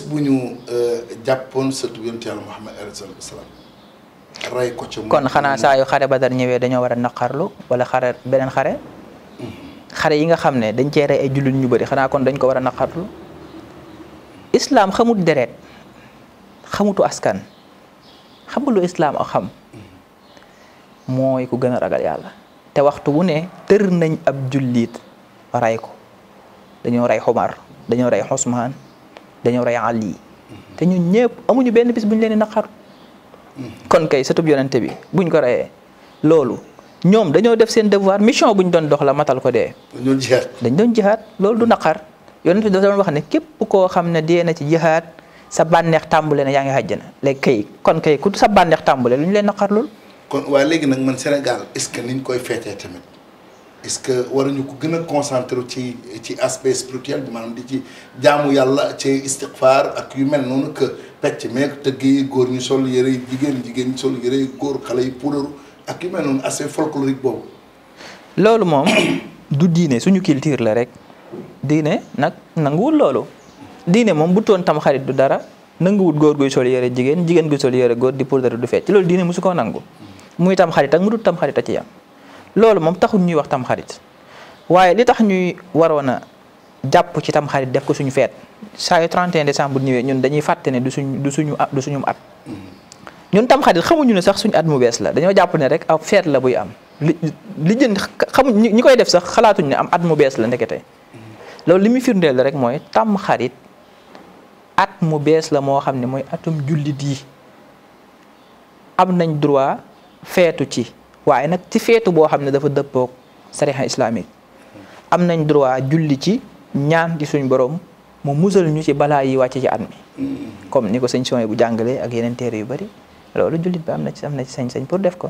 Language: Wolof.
bis bu ñu euh, jàppoon sëtu yonent yàlla Muhammad alayhi salaatu wa salaam ray ko ca kon xanaa saa yu xare Badar ñëwee dañoo war a naqarlu wala xare beneen xare mm-hmm. xare yi nga xam dañ cee rey ay jullit ñu bëri xanaa kon dañ ko war a islam xamut deret xamutu askan xamulu islam a xam mm-hmm. mooy ku gën ragal yàlla te waxtu wu ne tër nañ ab jullit ray ko dañoo rey Xumar dañoo rey Usmaan dañoo rey Ali te ñun ñëpp amuñu benn bis bu ñu leen di kon kay sëtub yonente bi buñ ko reyee loolu ñoom dañoo def seen devoir mission bu ñu doon dox la matal ko dee. dañ doon jihaat dañ doon jihaat loolu du naqar yonente bi dafa doon wax ne képp koo xam ne dee na ci jihaat sa bànneex tàmbule na yaa ngi xàjjana léegi kay kon kay ku sa bànneex tàmbule lu ñu leen naqar loolu. kon waaye léegi nag man Sénégal est-ce que niñ koy feetee tamit. est-ce que waruñu ko gën a concentré ci ci aspect spirituel bi maanaam di ci jaamu yàlla ci istighfar ak yu mel noonu que pecc meeg tëgg yi góor ñu sol yëre yi jigéen jigéen ñu sol yëre góor xale yi ak yu mel noonu aspect folklorique boobu. loolu moom du diine suñu culture la rek diine nag nanguwul loolu diine moom bu toon tam du dara nanguwul góor guy sol yëre jigéen jigéen guy sol yëre góor di puudaru du fecc loolu diine mosu ko nangu muy tam xarit ak mu dul tam xarit a ci yam loolu moom taxul ñuy wax tam xarit waaye li tax ñuy waroon a jàpp ci tam xarit def ko suñu feet saa yu 31 décembre bu ñëwee ñun dañuy fàtte ne du suñu du suñu at. ñun tam xarit xamuñu ne sax suñu at mu bees la dañoo jàpp ne rek ab feet la buy am li li jënd xamuñ ñi koy def sax xalaatuñ ne am at mu bees la ndekete loolu li muy firndeel rek mooy tam xarit at mu bees la moo xam ne mooy atum jullit yi am nañ droit feetu ci. waaye nag ci feetu boo xam ne dafa dëppoog sarixa islamique am nañ droit julli ci ñaan ci suñ borom mu musal ñu ci balaa yi wàcce ci at mi comme ni ko sëñ Sonia bu jàngalee ak yeneen téere yu bari loolu jullit bi am na ci am na ci sañ-sañ pour def ko.